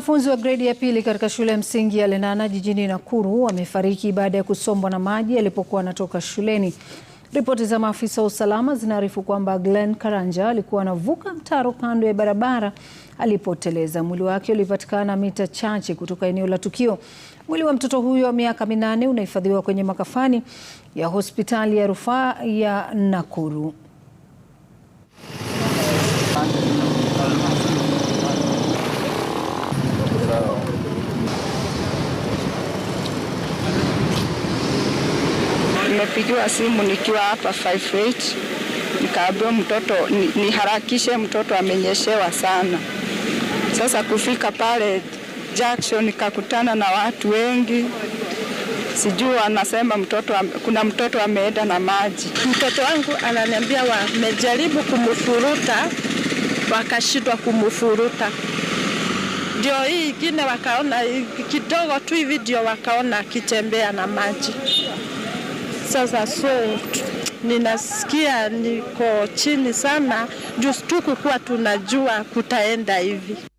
Wanafunzi wa gredi ya pili katika shule ya msingi ya Lenana jijini Nakuru wamefariki baada ya kusombwa na maji alipokuwa anatoka shuleni. Ripoti za maafisa wa usalama zinaarifu kwamba Glenn Karanja alikuwa anavuka mtaro kando ya barabara alipoteleza. Mwili wake ulipatikana mita chache kutoka eneo la tukio. Mwili wa mtoto huyo wa miaka minane unahifadhiwa kwenye makafani ya hospitali ya rufaa ya Nakuru. nimepigiwa simu nikiwa hapa 58 nikaambiwa mtoto niharakishe, mtoto amenyeshewa sana. Sasa kufika pale Jackson nikakutana na watu wengi, sijui wanasema mtoto, kuna mtoto ameenda na maji. Mtoto wangu ananiambia wamejaribu kumfuruta wakashindwa kumfuruta, ndio hii ingine wakaona kidogo tu hivi, ndio wakaona akitembea na maji. Sasa so ninasikia niko chini sana, just tu kukuwa tunajua kutaenda hivi.